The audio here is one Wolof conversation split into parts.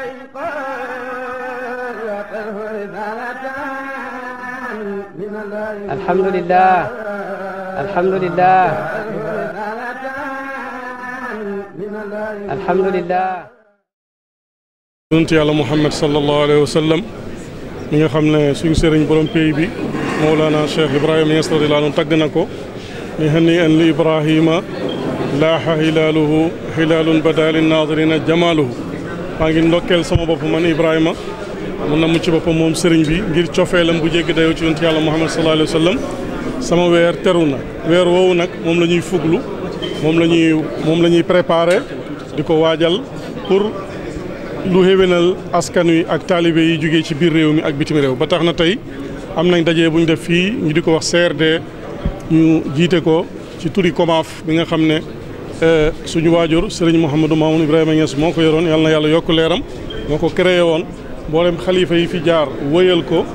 alhamdulilah alhamdulilah alhamdulilah yonent yàlla Muhammad sallallahu alayhi wa sallam mi nga xam ne suñu sëriñ borom pays bi Mawlana Cheikh Ibrahima Niass radiyallahu anhu tagg na ko ni hani an li Ibrahima laaxa hilaaluhu hilaalun badaa linnaazirina jamaaluhu maa ngi ndokkeel sama bopp man Ibrahima mu namm ci boppam moom sëriñ bi ngir cofeelam bu jéggi dayoo ci yonent yàlla Muhammad sallallahu alayhi wa sallam sama weer teru na weer woowu nag moom la ñuy fuglu moom la ñuy moom la ñuy préparé di ko waajal pour lu xéwénal askan wi ak taalibe yi jógee ci biir réew mi ak bitim réew ba tax na tey am nañ daje buñ def fii ñu di ko wax CRD ñu jiite ko ci turi COMAF bi nga xam ne Eh, suñu waajur sëriñ Mouhamadou Mamoun Ibrahima Niass moo ko yoroon yàlla na yàlla yokk leeram moo ko créé woon mboolem xalifa yi fi jaar wëyal ko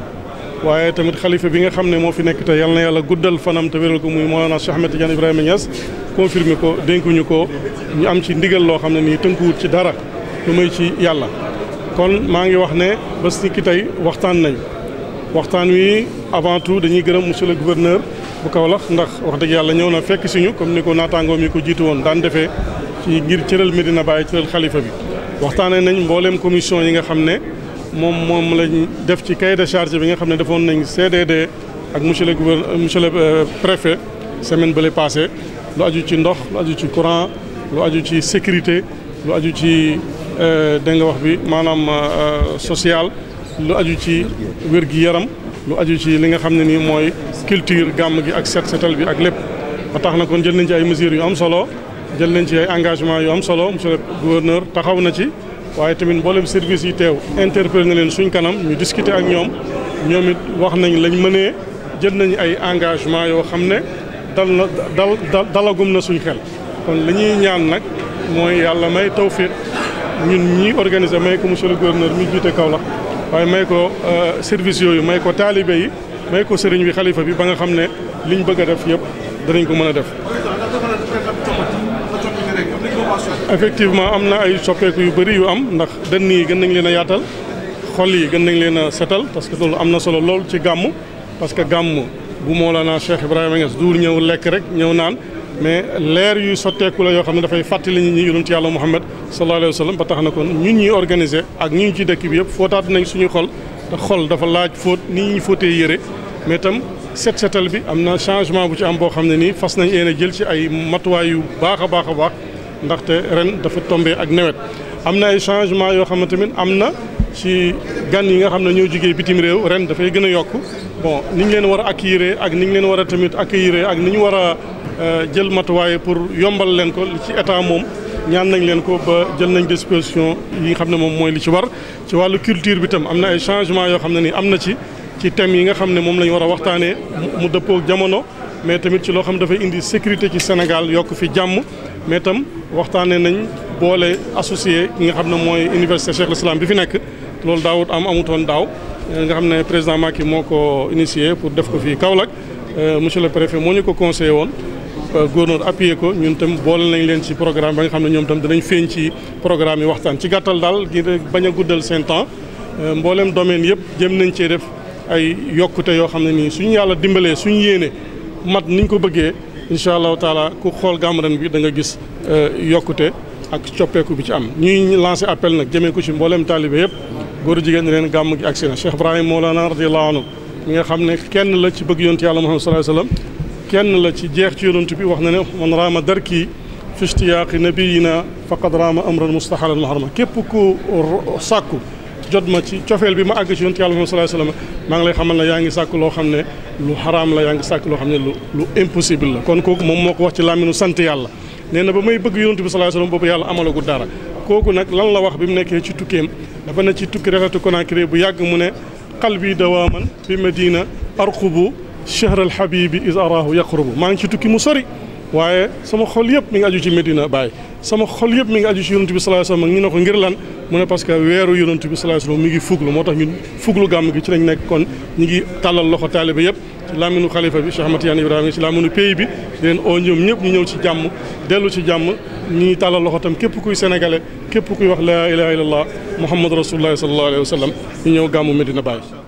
waaye tamit xalifa bi nga xam ne moo fi nekk te yàlla na yàlla guddal fanam te wéral ko muy Mawlana Cheikh Ahmed Tidiane Ibrahima Niass confirmé ko dénkuñu ko ñu am ci ndigal loo xam ne nii tënkuwut ci dara lu may ci yàlla kon maa ngi wax ne bés tey waxtaan nañ waxtaan wi avant tout dañuy gërëm monsieur le gouverneur bu Kaolack ndax wax dëgg yàlla ñëw na fekk si suñu comme ni ko naataangoom yi ko jiitu woon daan defee ci ngir cëral Medina Baye cëral xalifa bi waxtaanee nañ mbooleem commission yi nga xam ne moom moom lañ def ci cahier de charge bi nga xam ne defoon nañ CDD ak monsieur le gouverneur monsieur le euh, préfet semaine bële passé lu aju ci ndox lu aju ci courant lu aju ci sécurité lu aju ci euh, dégg wax bi maanaam euh, social lu aju ci wér-gi-yaram lu aju ci li nga xam ne nii mooy culture gàmm gi ak set setal bi ak lépp ba tax na kon jël nañ ci ay mesures yu am solo jël nañ ci ay engagement yu am solo monsieur le gouverneur taxaw na ci waaye tamit mboolem service yi teew interpellé na leen suñ kanam ñu discuter ak ñoom ñoom it wax nañ lañ mënee jël nañ ay engagement yoo xam ne dal na dal dalagum na suñ xel kon li ñuy ñaan nag mooy yàlla may tawfiq ñun ñuy organiser may ko monsieur le gouverneur mi jiite Kaolack waaye may ko euh, service yooyu may ko taalibe yi may ko sëriñ bi xalifa bi ba nga xam ne liñ bëgg a def yëpp danañ ko mën a def. effectivement am na ay soppeeku yu bëri yu am ndax dënn yi gën nañ leen a yaatal xol yi gën nañ leen a setal parce que loolu am na solo lool ci gàmm parce que gàmm bu moo Mawlana Cheikh Ibrahima Niass duul ñëw lekk rek ñëw naan. mais leer yuy sotteeku yoo xam ne dafay fàttali nit ñi yonent yàlla Muhammad sallallahu alayhi wa sallam ba tax na kon ñun ñuy organiser ak ñu ci dëkk bi yëpp fóotaat nañ suñu xol te xol dafa laaj fóot ni ñuy fóotee yëre mais tam set setal bi am na changement bu ci am boo xam ne nii fas nañ yéen a jël ci ay matuwaay yu baax a baax a baax ndaxte ren dafa tombé ak nawet am na ay changement yoo xam ne tamit am na ci gan yi nga xam ne ñoo jugee bitim réew ren dafay gën a yokk bon ni ñu leen war a accueillir ak ni ñu leen war a tamit accueillir ak ni ñu war a Euh, jël matuwaay pour yombal leen ko li ci état moom ñaan nañ leen ko ba jël nañ disposition yi nga xam ne moom mooy li ci war ci wàllu culture bi tam am na ay changement yoo xam ne nii am na ci ci thèmes yi nga xam ne moom lañu ñu war a waxtaanee mu dëppoo jamono mais tamit ci loo xam dafay indi sécurité ci Sénégal yokk fi jàmm mais tam waxtaanee nañ boole associé ki nga xam ne mooy université Cheikh l'Islam bi fi nekk loolu daawut am amutoon daaw euh, nga xam ne président Macky moo ko initié pour def ko fii Kaolack euh, monsieur le préfet moo ñu ko conseillé woon Euh, gouverneur appuyé ko ñun tam boole nañ leen ci programme ba nga xam ne ñoom tam danañ feeñ ci programme yi waxtaan ci gàttal daal ngir bañ a guddal seen temps euh, mboolem domaine yëpp jëm nañ cee def ay yokkute yoo xam ne nii suñ yàlla dimbalee suñ yéene mat niñ ko bëggee incha allahu taala ku xool gàmm ren bi da nga gis euh, yokkute ak coppeeku bi ci am ñuy lancé appel nag jëmee ko ci mboolem taalibe yëpp góor jigéen ñi leen gàmm gi agsi na Cheikh Ibrahima Mawlana radiyallahu anhu nga xam ne kenn la ci bëgg yonent yàlla Muhammad sallallahu alayhi wasallam kenn la ci jeex ci yonent bi wax na ne man raama darki fi ishtiyaaqi nabiyina faqad raama amran mustahalan muharrama képp ko sàkku jot ma ci cofeel bi ma àgg ci yonent yàlla moom sallallahu alayhi wasallam maa ngi lay xamal na yaa ngi sàkk loo xam ne lu xaraam la yaa ngi sàkk loo xam ne lu lu impossible la kon kooku moom moo ko wax ci làmmiñu sant yàlla nee na ba may bëgg yonent bi sallallahu alayhi wasallam boobu yàlla amalagu dara kooku nag lan la wax bi mu nekkee ci tukkeem dafa ne ci tukki rafetu Conakry bu yàgg mu ne qalbi dawaaman bi madina arqubu chahral habibi is arahu yaqrubu maa ngi ci tukki mu sori waaye sama xol yëpp mi ngi aju ci Medina Baye sama xol yëpp mi ngi aju ci yonent bi sallallahu alayhi wasallam ne ko ngir lan mu ne parce que weeru yonent bi sallallahu alayhi wasallam mi ngi fuglu moo tax ñun fuglu gàmm gi ci lañ nekk kon ñu ngi tàllal loxo taalibe yëpp ci laminu xalifa bi Cheikh Ahmad Tidiane Ibrahima ci laminu pays bi leen oo ñoom ñëpp ñu ñëw ci jàmm dellu ci jàmm ñu ngi tàllal loxo tam képp kuy sénégalais képp kuy wax la ilaha illallah muhammad rasulullah sallallahu alayhi wasallam ñu ñëw gàmmu Medina Baye